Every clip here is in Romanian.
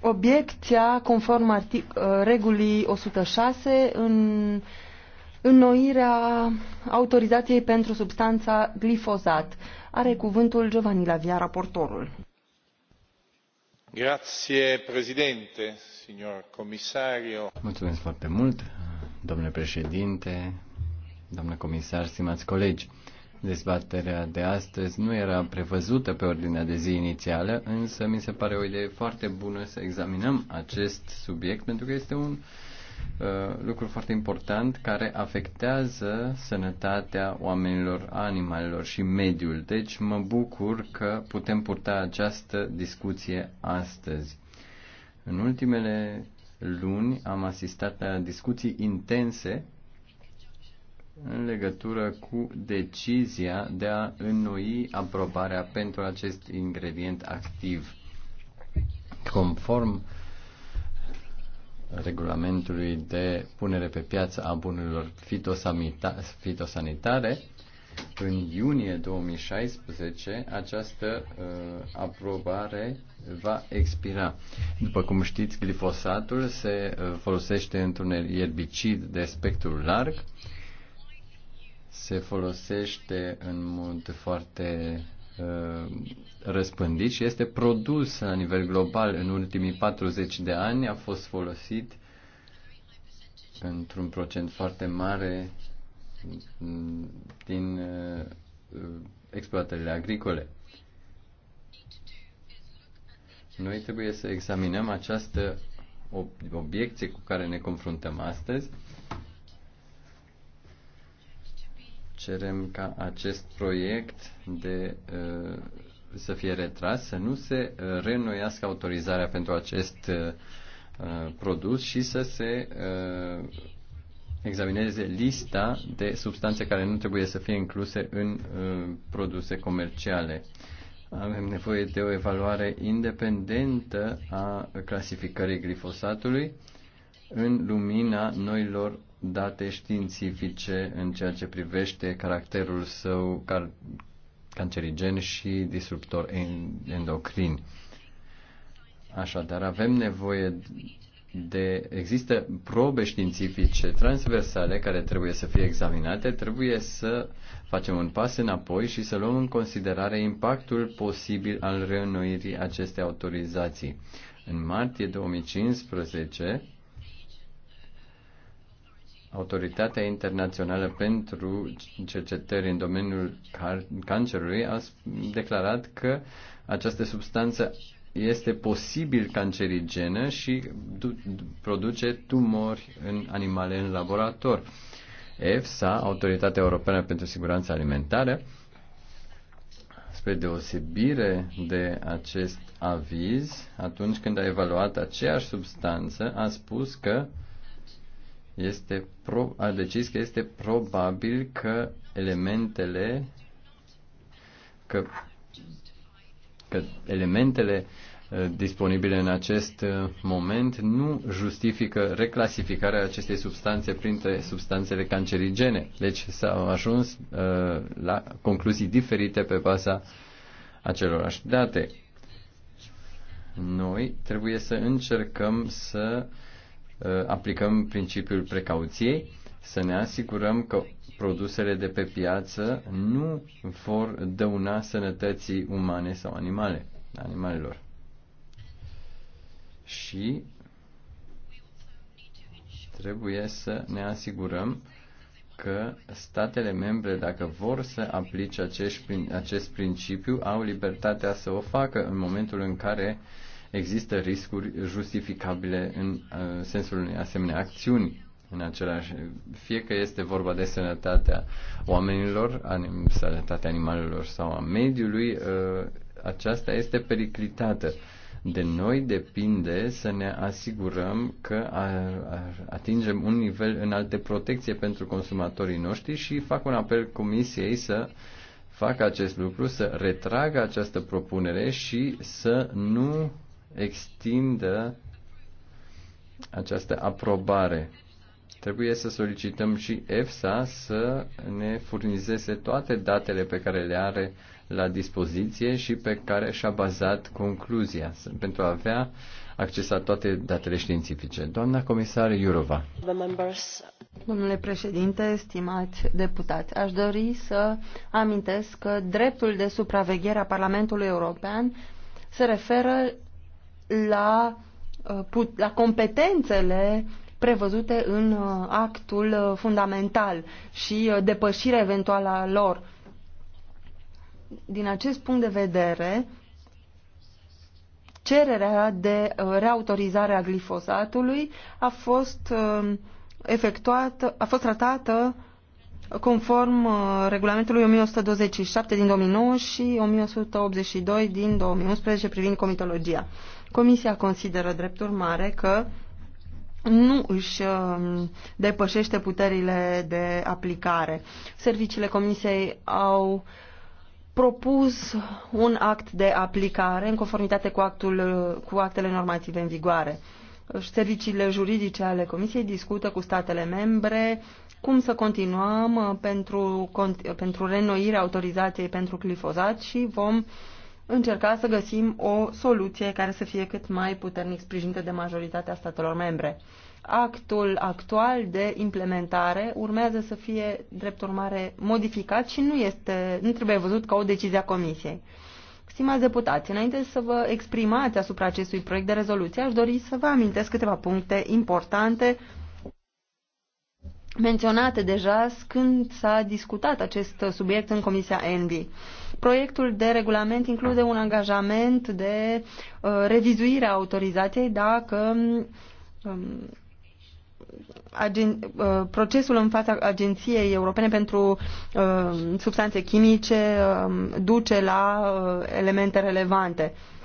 obiecția conform artic, uh, regulii 106 în înnoirea autorizației pentru substanța glifozat. Are cuvântul Giovanni Lavia, raportorul. Grazie, președinte, signor comisario. Mulțumesc foarte mult, domnule președinte, domnule comisar, stimați colegi. Dezbaterea de astăzi nu era prevăzută pe ordinea de zi inițială, însă mi se pare o idee foarte bună să examinăm acest subiect pentru că este un uh, lucru foarte important care afectează sănătatea oamenilor, animalelor și mediul. Deci mă bucur că putem purta această discuție astăzi. În ultimele luni am asistat la discuții intense în legătură cu decizia de a înnoi aprobarea pentru acest ingredient activ. Conform regulamentului de punere pe piață a bunurilor fitosanitare, în iunie 2016 această uh, aprobare va expira. După cum știți, glifosatul se uh, folosește într-un erbicid de spectru larg uh, se folosește în mod foarte uh, răspândit și este produs la nivel global în ultimii 40 de ani, a fost folosit într-un procent foarte mare din uh, exploatările agricole. Noi trebuie să examinăm această obiecție cu care ne confruntăm astăzi cerem ca acest proiect de uh, să fie retras, să nu se uh, reînnoiască autorizarea pentru acest uh, produs și să se examineze lista de substanțe care nu trebuie să fie incluse în produse comerciale. Avem nevoie de o evaluare independentă a clasificării glifosatului în lumina noilor date științifice în ceea ce privește caracterul său car- cancerigen și disruptor endocrin. Așadar, avem nevoie de există probe științifice transversale care trebuie să fie examinate, trebuie să facem un pas înapoi și să luăm în considerare impactul posibil al reînnoirii acestei autorizații. În martie 2015, Autoritatea Internațională pentru Cercetări în domeniul cancerului a declarat că această substanță este posibil cancerigenă și produce tumori în animale în laborator. EFSA, Autoritatea Europeană pentru Siguranța Alimentară, spre deosebire de acest aviz, atunci când a evaluat aceeași substanță, a spus că este pro, a decis că este probabil că elementele că, că elementele uh, disponibile în acest uh, moment nu justifică reclasificarea acestei substanțe printre substanțele cancerigene. Deci s-au ajuns uh, la concluzii diferite pe baza acelorași date. Noi trebuie să încercăm să uh, Uh, aplicăm principiul precauției, să ne asigurăm că produsele de pe piață nu vor dăuna sănătății umane sau animale, animalelor. Și trebuie să ne asigurăm că statele membre, dacă vor să aplice acest, principiu, au libertatea să o facă în momentul în care uh, există riscuri justificabile în uh, sensul unei asemenea acțiuni în același, fie că este vorba de sănătatea oamenilor, anim, sănătatea animalelor sau a mediului, uh, aceasta este periclitată. De noi depinde să ne asigurăm că atingem un nivel înalt de protecție pentru consumatorii noștri și fac un apel comisiei să facă acest lucru, să retragă această propunere și să nu extindă această aprobare. Trebuie să solicităm și EFSA să ne furnizeze toate datele pe care le are la dispoziție și pe care și-a bazat concluzia pentru a avea acces la toate datele științifice. Doamna comisar Iurova. Domnule președinte, stimați deputați, aș dori să amintesc că dreptul de supraveghere a Parlamentului European se referă la, uh, la competențele prevăzute în uh, actul uh, fundamental și depășirea eventuală a lor. Din acest punct de vedere, cererea de reautorizare a glifosatului a fost efectuată, a fost tratată conform regulamentului 1127 din 2009 și 1182 din 2011 privind comitologia. Comisia consideră drept urmare că nu își um, depășește puterile de aplicare. Serviciile Comisiei au propus un act de aplicare în conformitate cu, actul, cu actele normative în vigoare. Serviciile juridice ale Comisiei discută cu statele membre cum să continuăm uh, pentru, pentru renoirea autorizației pentru clifozat și vom uh, încerca să găsim o soluție care să fie cât mai puternic sprijinită de majoritatea statelor membre. Actul actual de implementare urmează să fie, drept urmare, modificat și nu, este, nu trebuie văzut ca o decizie a Comisiei. Stimați deputați, înainte să vă exprimați asupra acestui proiect de rezoluție, aș dori să vă amintesc câteva puncte importante menționate deja când s-a discutat acest subiect în Comisia ENVI. Proiectul de regulament include un angajament de uh, revizuire a autorizației dacă um, agen, uh, procesul în fața Agenției Europene pentru uh, Substanțe Chimice uh, duce la uh, elemente relevante. Uh,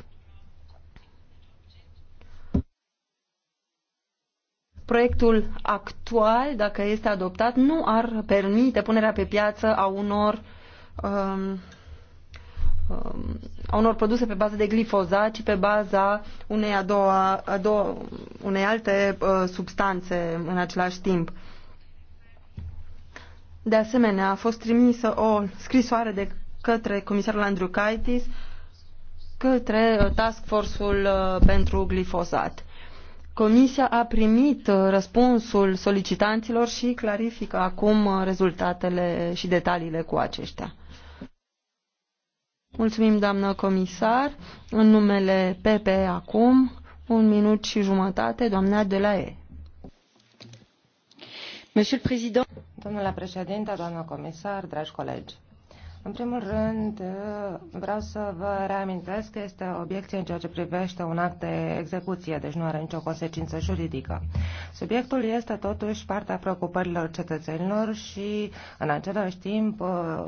Proiectul actual, dacă este adoptat, nu ar permite punerea pe piață a unor, um, um, a unor produse pe bază de glifozat, ci pe baza unei, a doua, a doua, unei alte uh, substanțe în același timp. De asemenea, a fost trimisă o scrisoare de către comisarul Andrew Kaitis către uh, Task Force-ul uh, pentru glifosat. Comisia a primit uh, răspunsul solicitanților și clarifică acum uh, rezultatele și detaliile cu aceștia. Mulțumim, doamnă comisar. În numele PP acum, un minut și jumătate, doamna de la E. Domnule președinte, doamnă comisar, dragi colegi, în primul rând, vreau să vă reamintesc că este obiecție în ceea ce privește un act de execuție, deci nu are nicio consecință juridică. Subiectul este totuși partea preocupărilor cetățenilor și, în același timp,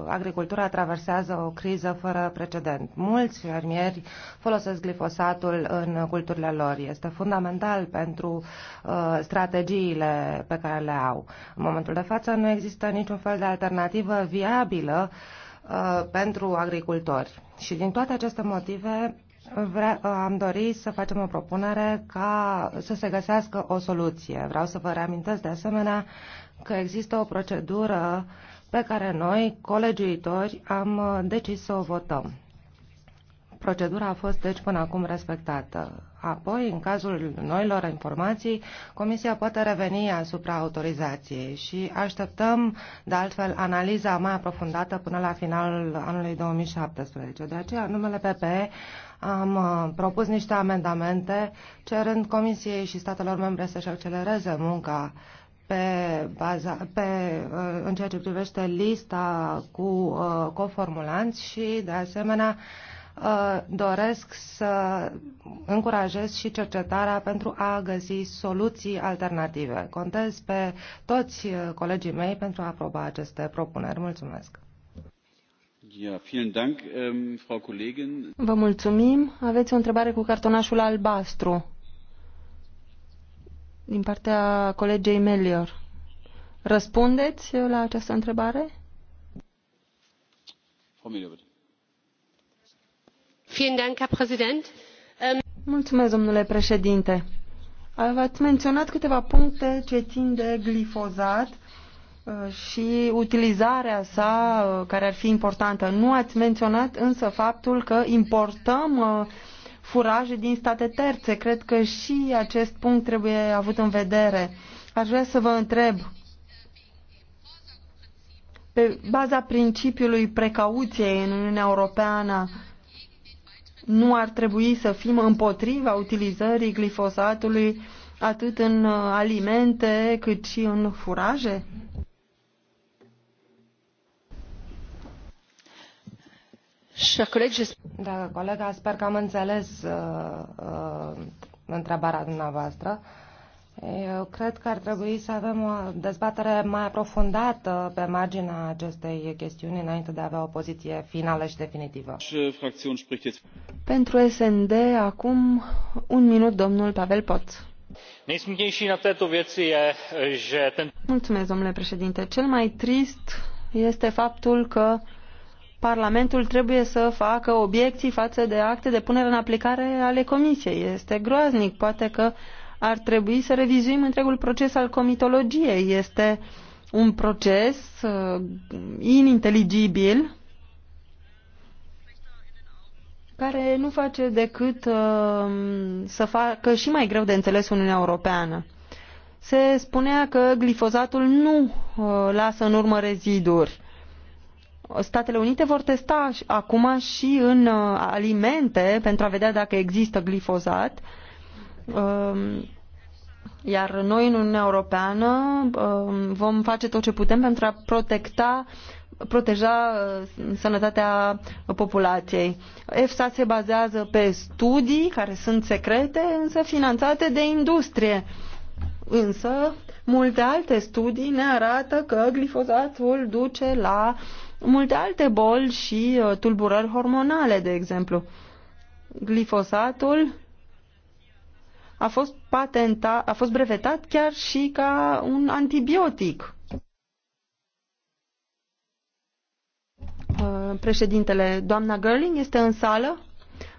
agricultura traversează o criză fără precedent. Mulți fermieri folosesc glifosatul în culturile lor. Este fundamental pentru uh, strategiile pe care le au. În momentul de față nu există niciun fel de alternativă viabilă Uh, pentru agricultori. Și din toate aceste motive vre- uh, am dorit să facem o propunere ca să se găsească o soluție. Vreau să vă reamintesc de asemenea că există o procedură pe care noi, colegiuitori, am uh, decis să o votăm. Procedura a fost deci până acum respectată. Apoi, în cazul noilor informații, Comisia poate reveni asupra autorizației și așteptăm, de altfel, analiza mai aprofundată până la finalul anului 2017. De aceea, numele PPE am uh, propus niște amendamente cerând Comisiei și statelor membre să-și accelereze munca pe, baza, pe uh, în ceea ce privește lista cu uh, coformulanți și, de asemenea, Uh, doresc să încurajez și cercetarea pentru a găsi soluții alternative. Contez pe toți uh, colegii mei pentru a aproba aceste propuneri. Mulțumesc! Ähm, Vă mulțumim. Aveți o întrebare cu cartonașul albastru din partea colegei Melior. Răspundeți la această întrebare? Frau Melior, Ähm, Mulțumesc, domnule președinte. Ați menționat câteva puncte ce țin de glifozat uh, și utilizarea sa uh, care ar fi importantă. Nu ați menționat însă faptul că importăm uh, furaje din state terțe. Cred că și acest punct trebuie avut în vedere. Aș vrea să vă întreb, pe baza principiului precauției în Uniunea Europeană, nu ar trebui să fim împotriva utilizării glifosatului atât în uh, alimente cât și în furaje? da, colega, sper că am înțeles uh, uh, întrebarea dumneavoastră. Uh, eu cred că ar trebui să avem o dezbatere mai aprofundată pe marginea acestei chestiuni înainte de a avea o poziție finală și definitivă. Pentru SND, acum un minut, domnul Pavel Pot. Mulțumesc, domnule președinte. Cel mai trist este faptul că Parlamentul trebuie să facă obiecții față de acte de punere în aplicare ale Comisiei. Este groaznic. Poate că ar trebui să revizuim întregul proces al comitologiei. Este un proces uh, ininteligibil care nu face decât uh, să facă și mai greu de înțeles Uniunea Europeană. Se spunea că glifozatul nu uh, lasă în urmă reziduri. Statele Unite vor testa acum și în uh, alimente pentru a vedea dacă există glifozat uh, Um, iar noi în Uniunea Europeană um, vom face tot ce putem pentru a protecta proteja uh, sănătatea populației. EFSA se bazează pe studii care sunt secrete, însă finanțate de industrie. Însă, multe alte studii ne arată că glifozatul duce la multe alte boli și uh, tulburări hormonale, de exemplu. Glifosatul a fost patentat, a fost brevetat chiar și ca un antibiotic. Uh, președintele, doamna Gerling este în sală?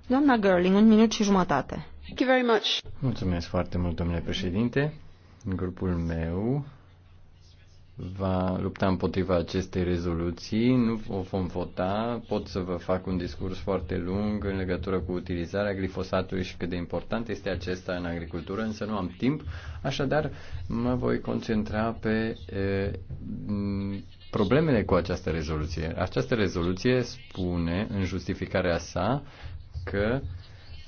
Doamna Gerling, un minut și jumătate. Thank you very much. Mulțumesc foarte mult, domnule președinte. În Grupul meu va lupta împotriva acestei rezoluții. Nu o vom vota. Pot să vă fac un discurs foarte lung în legătură cu utilizarea glifosatului și cât de important este acesta în agricultură, însă nu am timp. Așadar, mă voi concentra pe e, problemele cu această rezoluție. Această rezoluție spune, în justificarea sa, că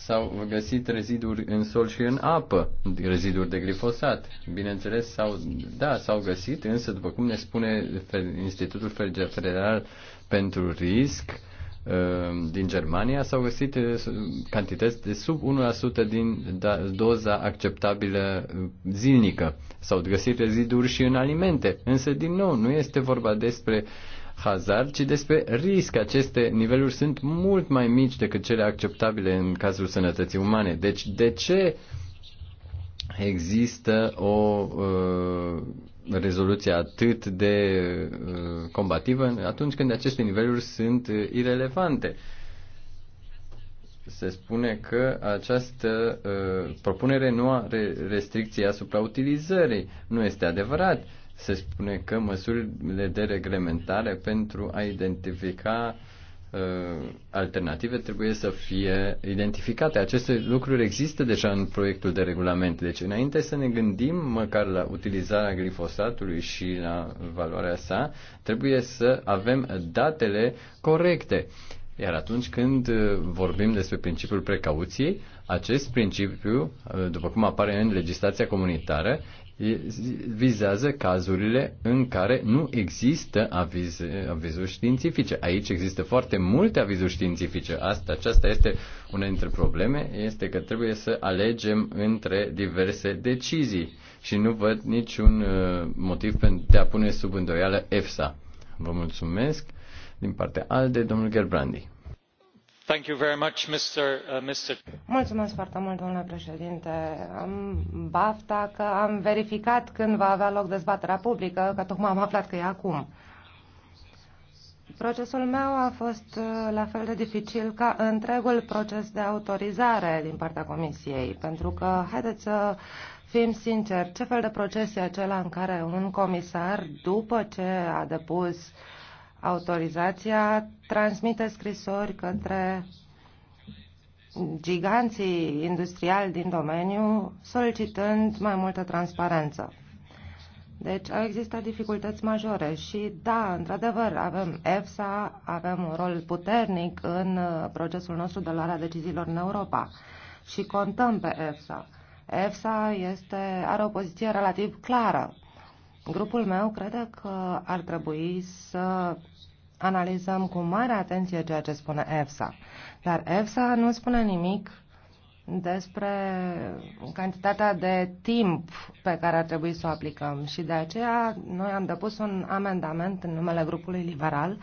s-au găsit reziduri în sol și în apă, reziduri de glifosat. Bineînțeles, s-au, da, s-au găsit, însă, după cum ne spune Institutul Federal pentru Risc uh, din Germania, s-au găsit uh, cantități de sub 1% din da, doza acceptabilă uh, zilnică. S-au găsit reziduri și în alimente, însă, din nou, nu este vorba despre uh, hazard, ci despre risc. Aceste niveluri sunt mult mai mici decât cele acceptabile în cazul sănătății umane. Deci, de ce există o uh, rezoluție atât de uh, combativă atunci când aceste niveluri sunt uh, irelevante? Se spune că această uh, propunere nu are restricții asupra utilizării. Nu este adevărat. Uh, se spune că măsurile de reglementare pentru a identifica uh, alternative trebuie să fie identificate. Aceste lucruri există deja în proiectul de regulament. Deci, înainte să ne gândim măcar la utilizarea glifosatului și la valoarea sa, trebuie să avem datele corecte. Iar atunci când uh, vorbim despre principiul precauției, acest principiu, uh, după cum apare în legislația comunitară, vizează cazurile în care nu există aviz avizuri științifice. Aici există foarte multe avizuri științifice. Asta, aceasta este una dintre probleme, este că trebuie să alegem între diverse decizii și nu văd niciun uh, motiv pentru a pune sub îndoială EFSA. Vă mulțumesc din partea ALDE, domnul Gerbrandi. Uh, Mulțumesc foarte mult, domnule președinte. Am bafta că am verificat când va avea loc dezbaterea publică, că tocmai am aflat că e acum. Procesul meu a fost uh, la fel de dificil ca întregul proces de autorizare din partea Comisiei, pentru că, haideți să fim sinceri, ce fel de proces e acela în care un comisar, după ce a depus uh, autorizația transmite scrisori către giganții industriali din domeniu solicitând mai multă transparență. Deci au existat dificultăți majore și da, într-adevăr, avem EFSA, avem un rol puternic în uh, procesul nostru de luarea deciziilor în Europa și contăm pe EFSA. EFSA este, are o poziție relativ clară Grupul meu crede că ar trebui să analizăm cu mare atenție ceea ce spune EFSA. Dar EFSA nu spune nimic despre cantitatea de timp pe care ar trebui să o aplicăm și de aceea noi am depus un amendament în numele grupului liberal uh,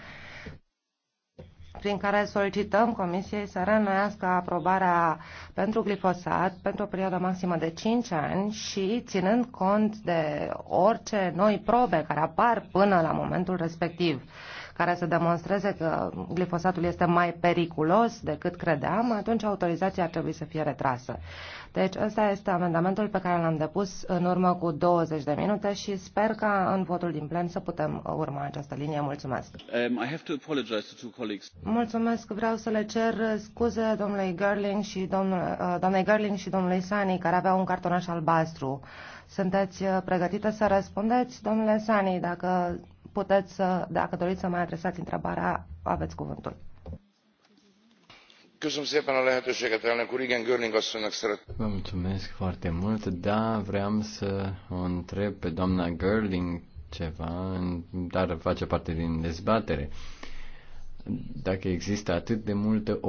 prin care solicităm Comisiei să reînnoiască aprobarea pentru glifosat pentru o perioadă maximă de 5 ani și ținând cont de orice noi probe care apar până la momentul respectiv care să demonstreze că glifosatul este mai periculos decât credeam, atunci autorizația ar trebui să fie retrasă. Deci ăsta este amendamentul pe care l-am depus în urmă cu 20 de minute și sper ca în votul din plen să putem urma această linie. Mulțumesc! Um, I have to apologize to two colleagues. Mulțumesc! Vreau să le cer scuze domnului Gerling și domnul, uh, doamnei Gerling și domnului Sani, care aveau un cartonaș albastru. Sunteți uh, pregătită să răspundeți, domnule Sani, dacă puteți să, dacă doriți să mai adresați întrebarea, aveți cuvântul. Vă mulțumesc foarte mult. Da, vreau să o întreb pe doamna Gerling ceva, dar face parte din dezbatere. Dacă există atât de multă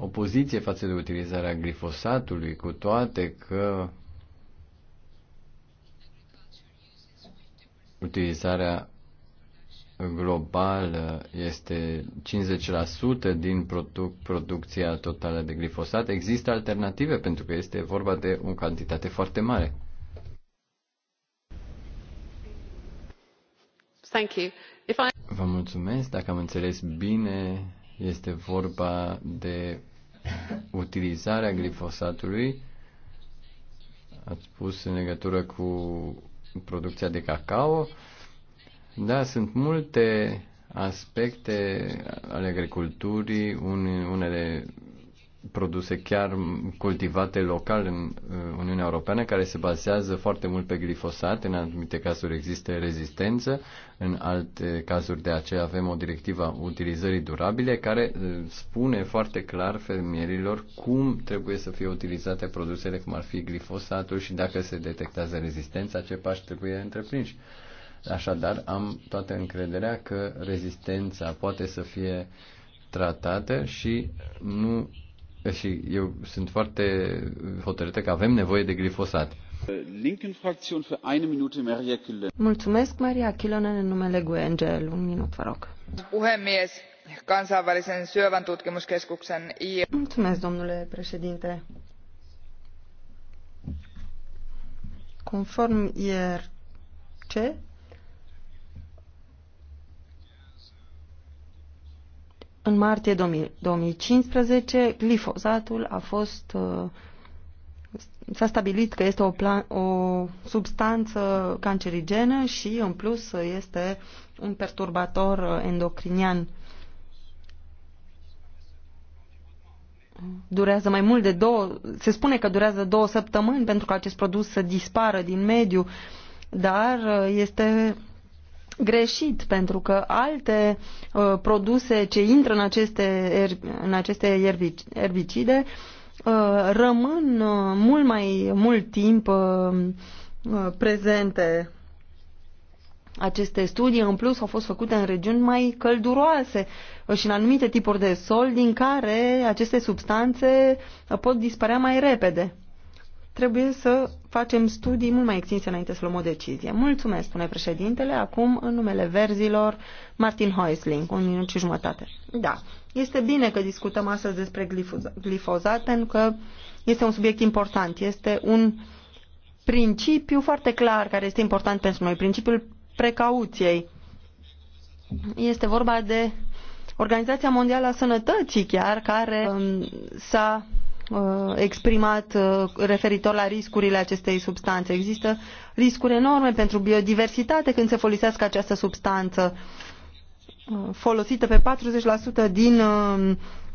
opoziție față de utilizarea glifosatului, cu toate că utilizarea global uh, este 50% din produc- producția totală de glifosat, există alternative pentru că este vorba de o cantitate foarte mare. Thank you. If I... Vă mulțumesc. Dacă am înțeles bine, este vorba de utilizarea glifosatului. Ați spus în legătură cu producția de cacao. Uh, da, sunt multe aspecte ale agriculturii, unele produse chiar cultivate local în uh, Uniunea Europeană, care se bazează foarte mult pe glifosat. În anumite cazuri există rezistență, în alte cazuri de aceea avem o directivă a utilizării durabile care uh, spune foarte clar fermierilor cum trebuie să fie utilizate produsele, cum ar fi glifosatul și dacă se detectează rezistența, ce pași trebuie întreprinși. Așadar, am toată încrederea că rezistența poate să fie tratată și nu și eu sunt foarte hotărâtă că avem nevoie de glifosat. Mulțumesc, Maria Kilonen, în numele GUE NGL. Un minut, vă rog. Kansainvälisen syövän tutkimuskeskuksen Mulțumesc, domnule președinte. Conform ce? În martie 2015, glifozatul a fost uh, s-a stabilit că este o, plan, o substanță cancerigenă și în plus este un perturbator endocrinian. Durează mai mult de două, se spune că durează două săptămâni pentru că acest produs să dispară din mediu, dar este greșit, pentru că alte uh, produse ce intră în aceste, er, în aceste erbicide uh, rămân uh, mult mai mult timp uh, uh, prezente. Aceste studii, în plus, au fost făcute în regiuni mai călduroase uh, și în anumite tipuri de sol din care aceste substanțe pot dispărea mai repede trebuie să facem studii mult mai extinse înainte să luăm o decizie. Mulțumesc, spune președintele. Acum, în numele verzilor, Martin Heusling, un minut și jumătate. Da, este bine că discutăm astăzi despre glifozat, pentru că este un subiect important. Este un principiu foarte clar care este important pentru noi, principiul precauției. Este vorba de Organizația Mondială a Sănătății, chiar, care um, s-a Uh, exprimat uh, referitor la riscurile acestei substanțe. Există riscuri enorme pentru biodiversitate când se folosească această substanță uh, folosită pe 40% din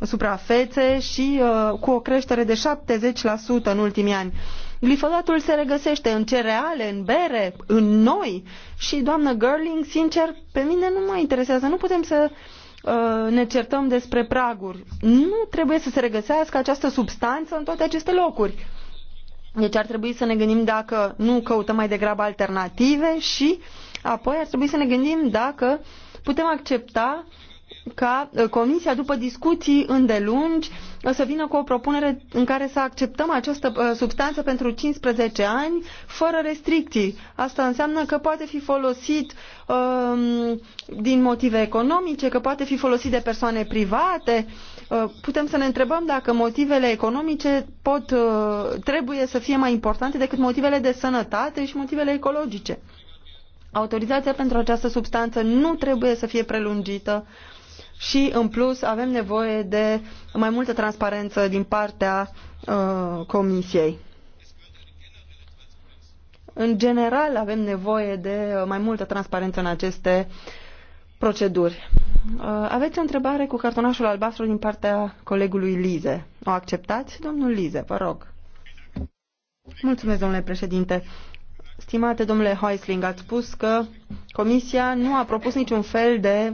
suprafețe și cu o creștere de 70% în ultimii ani. Glifosatul se regăsește în cereale, în bere, în noi și, doamnă Gerling, sincer, pe mine nu mă interesează. Nu putem să uh, Uh, ne certăm despre praguri. Nu trebuie să se regăsească această substanță în toate aceste locuri. Deci ar trebui să ne gândim dacă nu căutăm mai degrabă alternative și apoi ar trebui să ne gândim dacă putem accepta ca uh, Comisia, după discuții îndelungi, uh, să vină cu o propunere în care să acceptăm această uh, substanță pentru 15 ani, fără restricții. Asta înseamnă că poate fi folosit um, din motive economice, că poate fi folosit de persoane private. Uh, putem să ne întrebăm dacă motivele economice pot, uh, trebuie să fie mai importante decât motivele de sănătate și motivele ecologice. Autorizația pentru această substanță nu trebuie să fie prelungită și, în plus, avem nevoie de mai multă transparență din partea uh, Comisiei. În general, avem nevoie de mai multă transparență în aceste proceduri. Uh, aveți o întrebare cu cartonașul albastru din partea colegului Lize. O acceptați? Domnul Lize, vă rog. Mulțumesc, domnule președinte. Stimate domnule Heusling, ați spus că Comisia nu a propus niciun fel de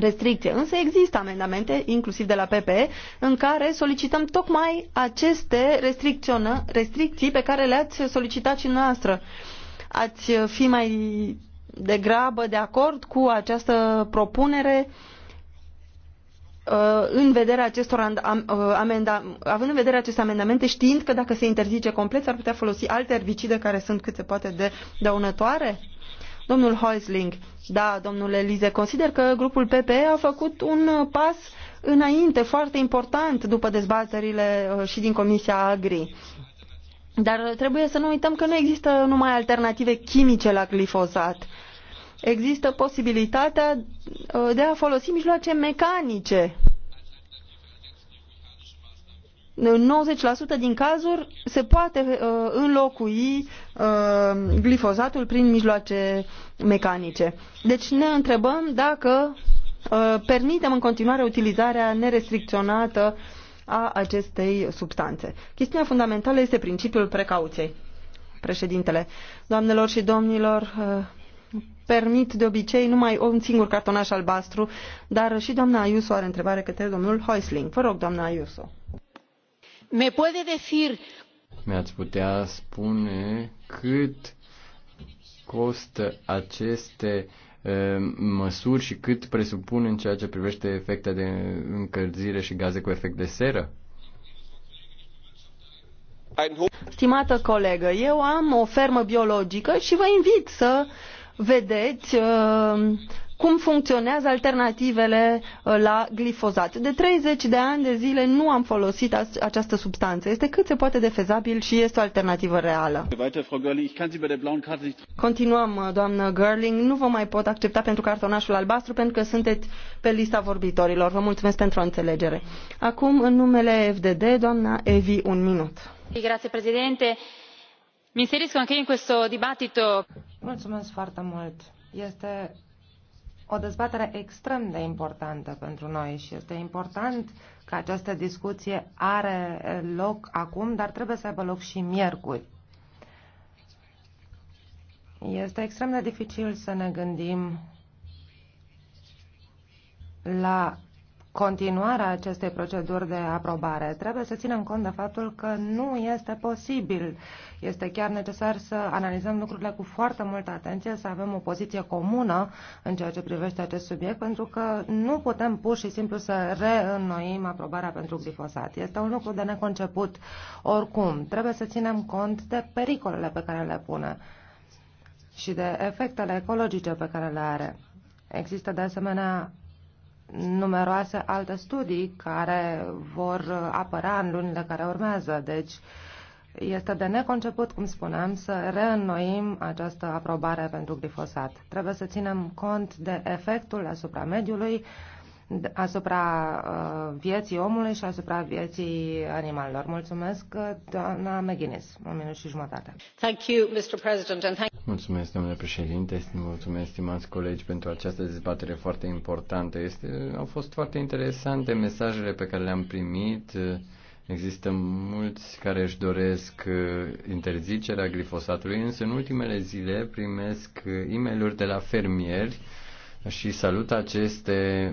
restricție. Însă există amendamente, inclusiv de la PPE, în care solicităm tocmai aceste restricții pe care le-ați solicitat și noastră. Ați fi mai degrabă de acord cu această propunere uh, în vederea acestor uh, amenda, având în vedere aceste amendamente, știind că dacă se interzice complet, s-ar putea folosi alte erbicide care sunt cât se poate de dăunătoare? Domnul Heusling, da, domnule Lize, consider că grupul PPE a făcut un uh, pas înainte foarte important după dezbaterile uh, și din Comisia Agri. Dar uh, trebuie să nu uităm că nu există numai alternative chimice la glifosat. Există posibilitatea de a folosi mijloace mecanice în 90% din cazuri se poate uh, înlocui uh, glifozatul prin mijloace mecanice. Deci ne întrebăm dacă uh, permitem în continuare utilizarea nerestricționată a acestei substanțe. Chestiunea fundamentală este principiul precauției. Președintele, doamnelor și domnilor, uh, permit de obicei numai un singur cartonaș albastru, dar și doamna Ayuso are întrebare către domnul Heusling. Vă rog, doamna Ayuso. ¿Me puede decir? Mi-ați putea spune cât costă aceste măsuri și cât presupun în ceea ce privește efecte de încălzire și gaze cu efect de seră? Stimată colegă, eu am o fermă biologică și vă invit să vedeți uh, cum funcționează alternativele uh, la glifozat. De 30 de ani de zile nu am folosit această substanță. Este cât se poate defezabil și este o alternativă reală. Continuăm, uh, doamnă Gerling. Nu vă mai pot accepta pentru cartonașul albastru pentru că sunteți pe lista vorbitorilor. Vă mulțumesc pentru înțelegere. Acum, în numele FDD, doamna Evi, un minut. Grazie, președinte. Mi inserisco anche in questo dibattito. Mulțumesc foarte mult. Este o dezbatere extrem de importantă pentru noi și este important că această discuție are loc acum, dar trebuie să aibă loc și miercuri. Este extrem de dificil să ne gândim la continuarea acestei proceduri de aprobare. Trebuie să ținem cont de faptul că nu este posibil. Este chiar necesar să analizăm lucrurile cu foarte multă atenție, să avem o poziție comună în ceea ce privește acest subiect, pentru că nu putem pur și simplu să reînnoim aprobarea pentru glifosat. Este un lucru de neconceput oricum. Trebuie să ținem cont de pericolele pe care le pune și de efectele ecologice pe care le are. Există de asemenea numeroase alte studii care vor apărea în lunile care urmează. Deci este de neconceput, cum spuneam, să reînnoim această aprobare pentru glifosat. Trebuie să ținem cont de efectul asupra mediului, asupra uh, vieții omului și asupra vieții animalelor. Mulțumesc, uh, doamna McGuinness. o minut și jumătate. Thank you, Mr. President, and thank Mulțumesc, domnule președinte, mulțumesc, stimați colegi, pentru această dezbatere foarte importantă. Este, au fost foarte interesante mesajele pe care le-am primit. Există mulți care își doresc uh, interzicerea glifosatului, însă în ultimele zile primesc e mail de la fermieri și salut aceste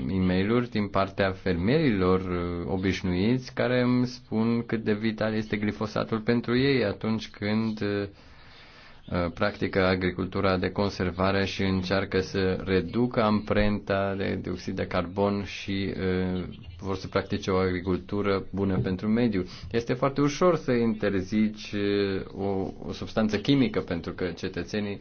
e mail din partea fermierilor uh, obișnuiți care îmi spun cât de vital este glifosatul pentru ei atunci când uh, uh, practică agricultura de conservare și încearcă să reducă amprenta de dioxid de carbon și uh, vor să practice o agricultură bună pentru mediu. Este foarte ușor să interzici o, o substanță chimică pentru că cetățenii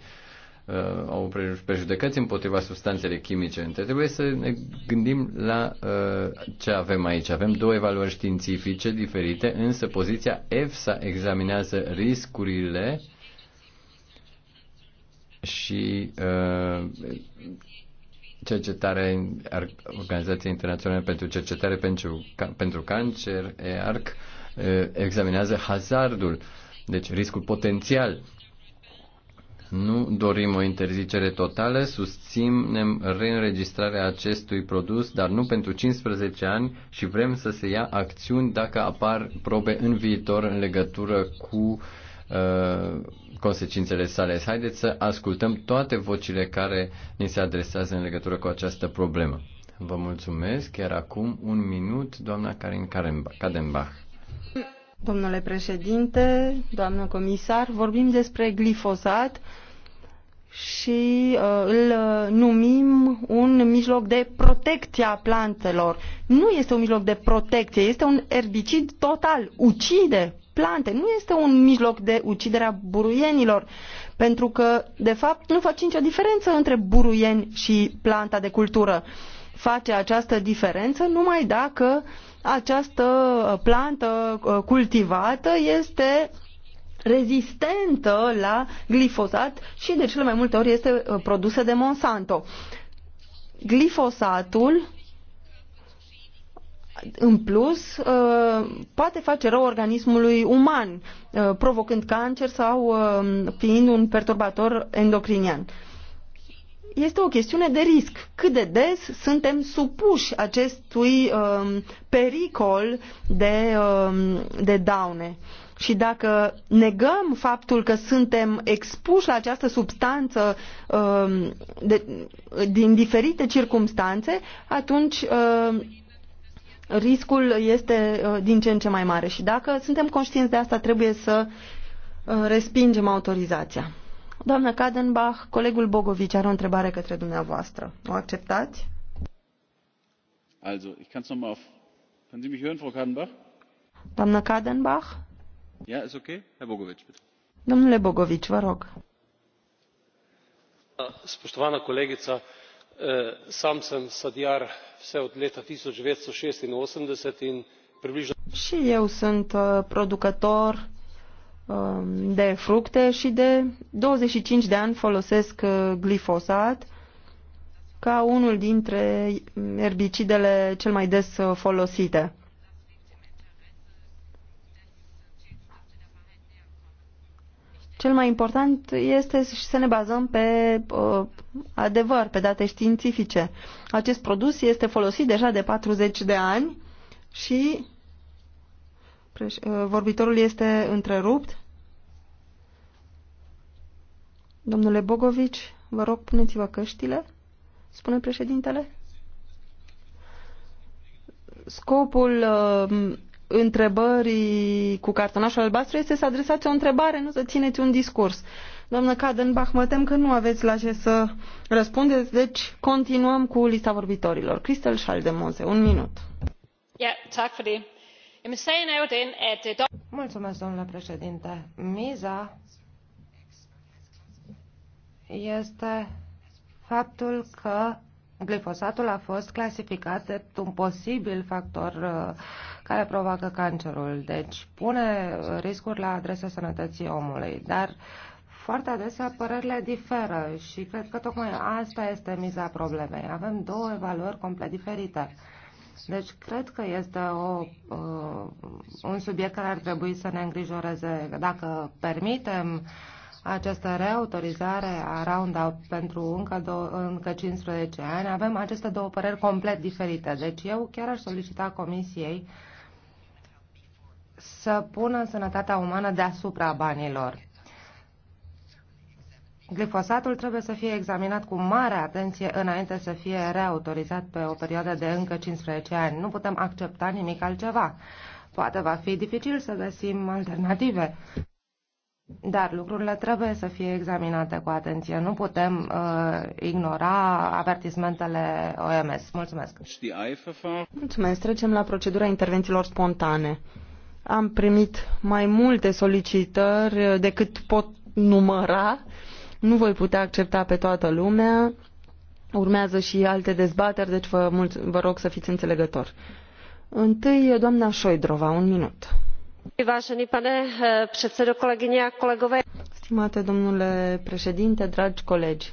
uh, au prejudecăți împotriva substanțele chimice. Trebuie să ne gândim la uh, ce avem aici. Avem două evaluări științifice diferite, însă poziția EFSA examinează riscurile și uh, cercetare, Organizația Internațională pentru Cercetare pentru, pentru Cancer, EARC, uh, examinează hazardul, deci riscul potențial nu dorim o interzicere totală, susținem reînregistrarea acestui produs, dar nu pentru 15 ani și vrem să se ia acțiuni dacă apar probe în viitor în legătură cu uh, consecințele sale. Haideți să ascultăm toate vocile care ni se adresează în legătură cu această problemă. Vă mulțumesc. Chiar acum un minut, doamna Karin Kadenbach. Domnule președinte, doamnă comisar, vorbim despre glifosat, și uh, îl uh, numim un mijloc de protecție a plantelor. Nu este un mijloc de protecție, este un erbicid total, ucide plante, nu este un mijloc de ucidere a buruienilor, pentru că, de fapt, nu face nicio diferență între buruieni și planta de cultură. Face această diferență numai dacă această uh, plantă uh, cultivată este rezistentă la glifosat și de cele mai multe ori este uh, produsă de Monsanto. Glifosatul în plus, uh, poate face rău organismului uman, uh, provocând cancer sau fiind un perturbator endocrinian. Este o chestiune de risc. Cât de des suntem supuși acestui pericol de, de daune. Și dacă negăm faptul că suntem expuși la această substanță um, de, din diferite circumstanțe, atunci um, riscul este uh, din ce în ce mai mare și dacă suntem conștienți de asta, trebuie să uh, respingem autorizația. Doamna Kadenbach, colegul Bogovici are o întrebare către dumneavoastră. O acceptați? Also, ich kann's noch mal auf... Können Sie mich hören, Frau Kadenbach? Doamnă Kadenbach? Bogovic, Domnule Spoštovana kolegica, sam sem sadjar vse od leta šestinosemdeset in približno. eu sunt producător de fructe de 25 de ani folosesc glifosat ca unul dintre erbicidele cel mai des folosite. Cel mai important este și să ne bazăm pe uh, adevăr, pe date științifice. Acest produs este folosit deja de 40 de ani și uh, vorbitorul este întrerupt. Domnule Bogovici, vă rog, puneți-vă căștile, spune președintele. Scopul uh, întrebării cu cartonașul albastru este să adresați o întrebare, nu să țineți un discurs. Doamnă Cadenbach, mă tem că nu aveți la ce să răspundeți, deci continuăm cu lista vorbitorilor. Cristel Schaldemose, un minut. Er øh, Mulțumesc, domnule președinte. Miza este faptul că glifosatul a fost clasificat de un posibil factor uh, care provoacă cancerul. Deci pune riscuri la adresa sănătății omului. Dar foarte adesea părerile diferă și cred că tocmai asta este miza problemei. Avem două evaluări complet diferite. Deci cred că este o, uh, un subiect care ar trebui să ne îngrijoreze. Dacă permitem această reautorizare a Roundup pentru încă, do- încă 15 ani, avem aceste două păreri complet diferite. Deci eu chiar aș solicita Comisiei uh, să pună sănătatea umană deasupra banilor. Glifosatul trebuie să fie examinat cu mare atenție înainte să fie reautorizat pe o perioadă de încă 15 ani. Nu putem accepta nimic altceva. Poate va fi dificil să găsim alternative, dar lucrurile trebuie să fie examinate cu atenție. Nu putem uh, ignora avertismentele OMS. Mulțumesc. Mulțumesc. Trecem la procedura intervențiilor spontane. Am primit mai multe solicitări decât pot număra. Nu voi putea accepta pe toată lumea. Urmează și alte dezbateri, deci vă, mulț- vă rog să fiți înțelegători. Întâi, doamna Șoidrova, un minut. Vážený pane eh, předsedo, kolegyně a kolegové. Stimate domnule președinte, dragi colegi,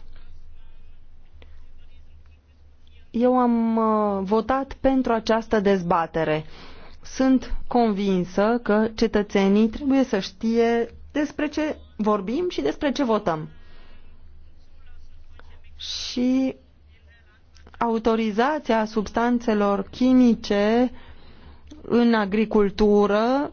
eu am eh, votat pentru această dezbatere sunt convinsă că cetățenii trebuie să știe despre ce vorbim și despre ce votăm. Și autorizația substanțelor chimice în agricultură,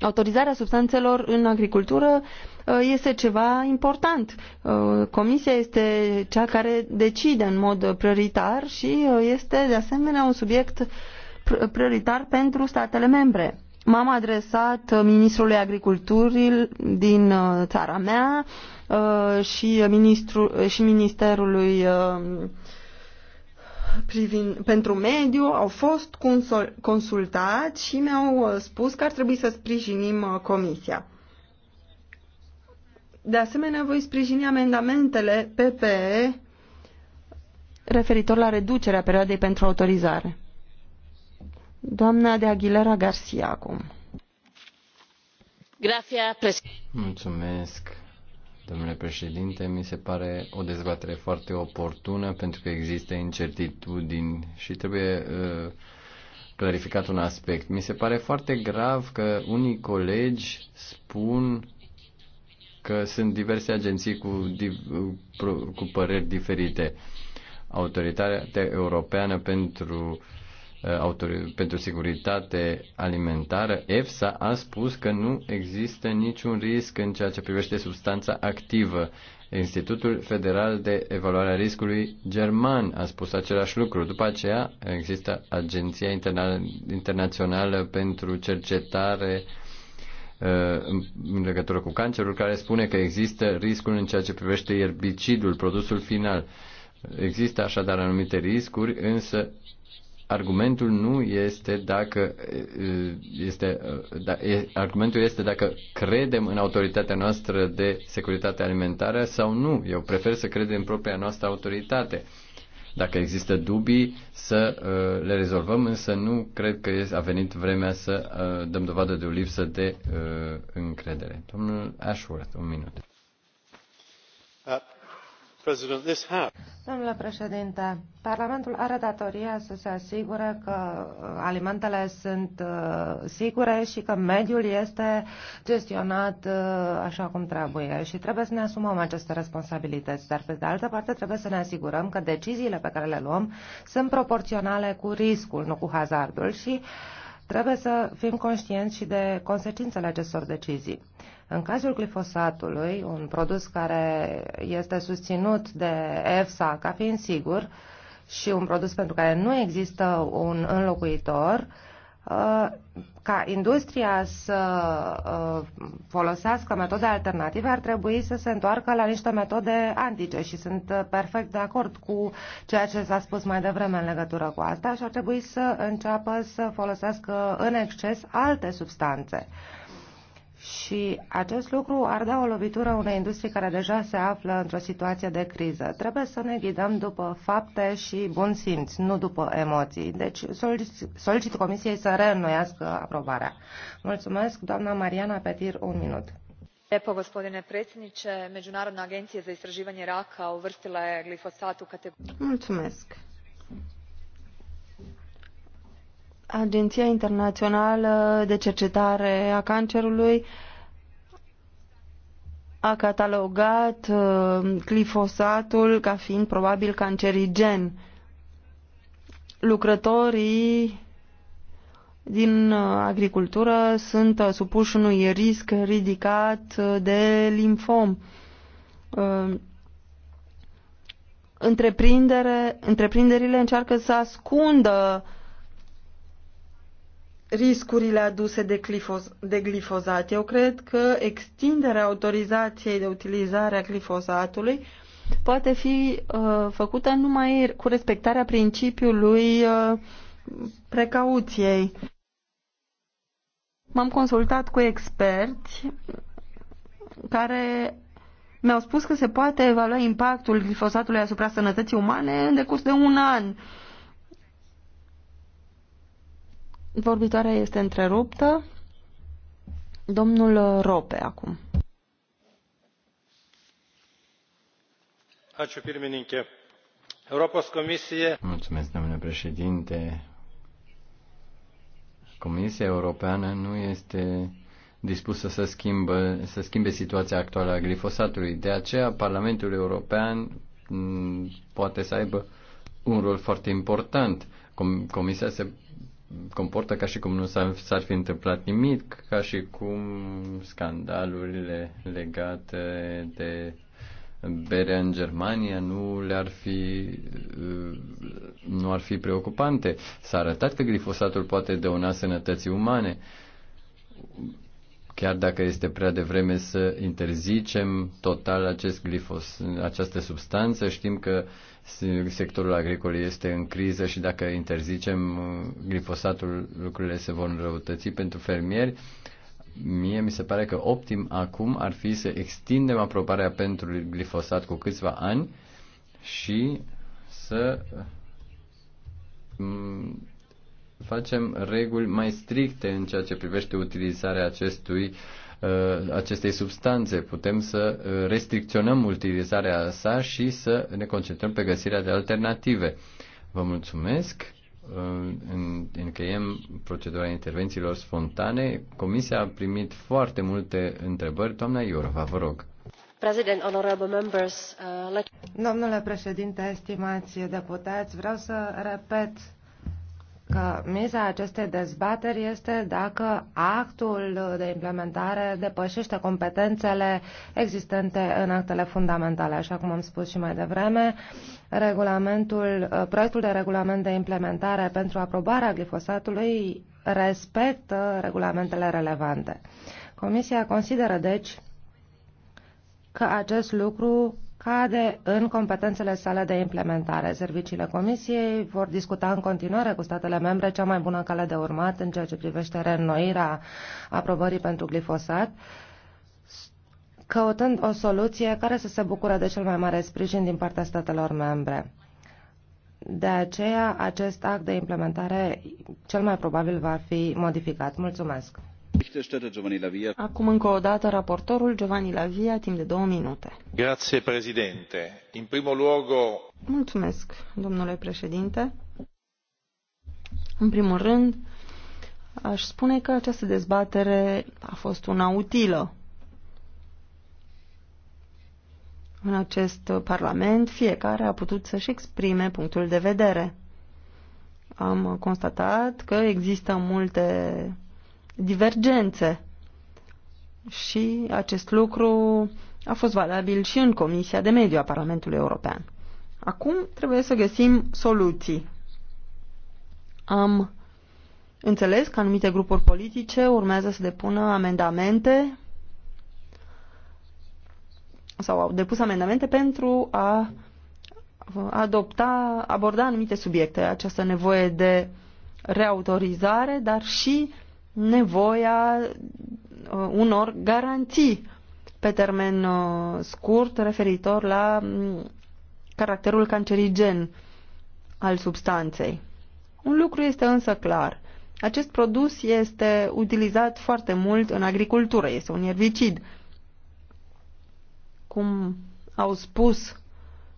autorizarea substanțelor în agricultură uh, este ceva important. Uh, comisia este cea care decide în mod prioritar și uh, este de asemenea un subiect prioritar pentru statele membre. M-am adresat uh, ministrului agriculturii din uh, țara mea uh, și, ministru, și ministerului privind, pentru mediu, au fost consultați și mi-au spus că ar trebui să sprijinim comisia. De asemenea, voi sprijini amendamentele PPE referitor la reducerea perioadei pentru autorizare. Doamna de Aguilera Garcia acum. Mulțumesc, domnule președinte. Mi se pare o dezbatere foarte oportună pentru că există incertitudini și trebuie uh, clarificat un aspect. Mi se pare foarte grav că unii colegi spun că sunt diverse agenții cu, cu păreri diferite. Autoritatea Europeană pentru Uh, pentru Securitate Alimentară, EFSA a spus că nu există niciun risc în ceea ce privește substanța activă. Institutul Federal de Evaluare a Riscului German a spus același lucru. După aceea există Agenția Interna- Internațională pentru Cercetare uh, în legătură cu cancerul, care spune că există riscul în ceea ce privește erbicidul, produsul final. Există așadar anumite riscuri, însă argumentul nu este dacă este, da, e, argumentul este dacă credem în autoritatea noastră de securitate alimentară sau nu. Eu prefer să cred în propria noastră autoritate. Dacă există dubii, să uh, le rezolvăm, însă nu cred că a venit vremea să uh, dăm dovadă de o lipsă de uh, încredere. Domnul Ashworth, un minut. Domnule președinte, Parlamentul are datoria să se asigure că uh, alimentele sunt uh, sigure și că mediul este gestionat uh, așa cum trebuie și trebuie să ne asumăm aceste responsabilități, dar pe de altă parte trebuie să ne asigurăm că deciziile pe care le luăm sunt proporționale cu riscul, nu cu hazardul și uh, Trebuie să fim conștienți și de consecințele acestor decizii. În cazul glifosatului, un produs care este susținut de EFSA ca fiind sigur și un produs pentru care nu există un înlocuitor, uh, ca industria să uh, folosească metode alternative, ar trebui să se întoarcă la niște metode antice și sunt uh, perfect de acord cu ceea ce s-a spus mai devreme în legătură cu asta și ar trebui să înceapă să folosească în exces alte substanțe. Și acest lucru ar da o lovitură unei industrii care deja se află într-o situație de criză. Trebuie să ne ghidăm după fapte și bun simț, nu după emoții. Deci solicit Comisiei să reînnoiască aprobarea. Mulțumesc, doamna Mariana Petir, un minut. Lepo, gospodine predsjedniče. Međunarodna agencija za istraživanje raka uvrstila je glifosat u kategoriju... Mulțumesc. Agenția Internațională de Cercetare a Cancerului a catalogat uh, glifosatul ca fiind probabil cancerigen. Lucrătorii din uh, agricultură sunt uh, supuși unui risc ridicat de limfom. Întreprindere, întreprinderile încearcă să ascundă uh, riscurile aduse de, clifos, de glifozat. Eu cred că extinderea autorizației de utilizare a glifozatului poate fi uh, făcută numai cu respectarea principiului uh, precauției. M-am consultat cu experți care mi-au spus că se poate evalua impactul glifosatului asupra sănătății umane în decurs de un an. Uh, Vorbitoarea este întreruptă. Domnul Rope acum. Mulțumesc, domnule președinte. Comisia Europeană nu este dispusă să, schimbă, să schimbe situația actuală a glifosatului. De aceea, Parlamentul European mm, poate să aibă un rol foarte important. Comisia se comportă ca și cum nu s-ar fi întâmplat nimic, ca și cum scandalurile legate de berea în Germania nu le-ar fi nu ar fi preocupante. S-a arătat că glifosatul poate dăuna sănătății umane. Chiar dacă este prea devreme să interzicem total acest glifos, această substanță, știm că sectorul agricol este în criză și dacă interzicem uh, glifosatul, lucrurile se vor înrăutăți pentru fermieri. Mie mi se pare că optim acum ar fi să extindem aprobarea pentru glifosat cu câțiva ani și să uh, facem reguli mai stricte în ceea ce privește utilizarea acestui, uh, acestei substanțe. Putem să uh, restricționăm utilizarea sa și să ne concentrăm pe găsirea de alternative. Vă mulțumesc. Uh, încheiem procedura intervențiilor spontane. Comisia a primit foarte multe întrebări. Doamna Iorova, vă rog. Members, uh, let... Domnule președinte, estimați deputați, vreau să repet că miza acestei dezbateri este dacă actul de implementare depășește competențele existente în actele fundamentale. Așa cum am spus și mai devreme, regulamentul, proiectul de regulament de implementare pentru aprobarea glifosatului respectă regulamentele relevante. Comisia consideră, deci, că acest lucru cade în competențele sale de implementare. Serviciile Comisiei vor discuta în continuare cu statele membre cea mai bună cale de urmat în ceea ce privește reînnoirea aprobării pentru glifosat căutând o soluție care să se bucure de cel mai mare sprijin din partea statelor membre. De aceea, acest act de implementare cel mai probabil va fi modificat. Mulțumesc! Acum încă o dată raportorul Giovanni timp de două minute. președinte. În primul Mulțumesc, domnule președinte. În primul rând, aș spune că această dezbatere a fost una utilă. În acest Parlament, fiecare a putut să-și exprime punctul de vedere. Am constatat că există multe divergențe. Și acest lucru a fost valabil și în Comisia de Mediu a Parlamentului European. Acum trebuie să găsim soluții. Am înțeles că anumite grupuri politice urmează să depună amendamente sau au depus amendamente pentru a adopta, aborda anumite subiecte, această nevoie de reautorizare, dar și nevoia uh, unor garanții pe termen uh, scurt referitor la mm, caracterul cancerigen al substanței. Un lucru este însă clar. Acest produs este utilizat foarte mult în agricultură, este un erbicid. Cum au spus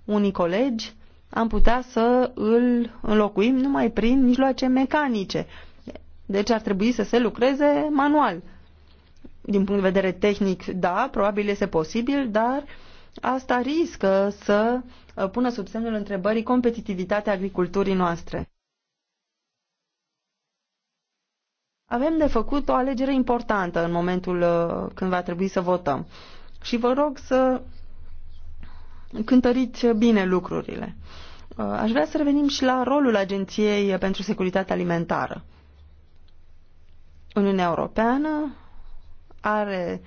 unii colegi, am putea să îl înlocuim numai prin mijloace mecanice. Deci ar trebui să se lucreze manual. Din punct de vedere tehnic, da, probabil este posibil, dar asta riscă să uh, pună sub semnul întrebării competitivitatea agriculturii noastre. Avem de făcut o alegere importantă în momentul uh, când va trebui să votăm. Și vă rog să cântăriți bine lucrurile. Uh, aș vrea să revenim și la rolul Agenției pentru Securitate Alimentară. Uniunea Europeană are,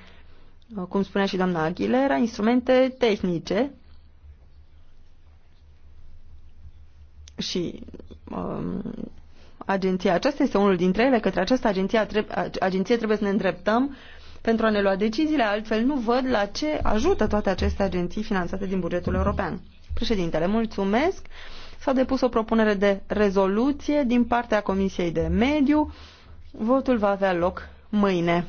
cum spunea și doamna Aguilera, instrumente tehnice și um, agenția aceasta este unul dintre ele. Către această agenție, agenție trebuie să ne îndreptăm pentru a ne lua deciziile, altfel nu văd la ce ajută toate aceste agenții finanțate din bugetul european. Președintele, mulțumesc. S-a depus o propunere de rezoluție din partea Comisiei de Mediu. Votul va avea loc mâine.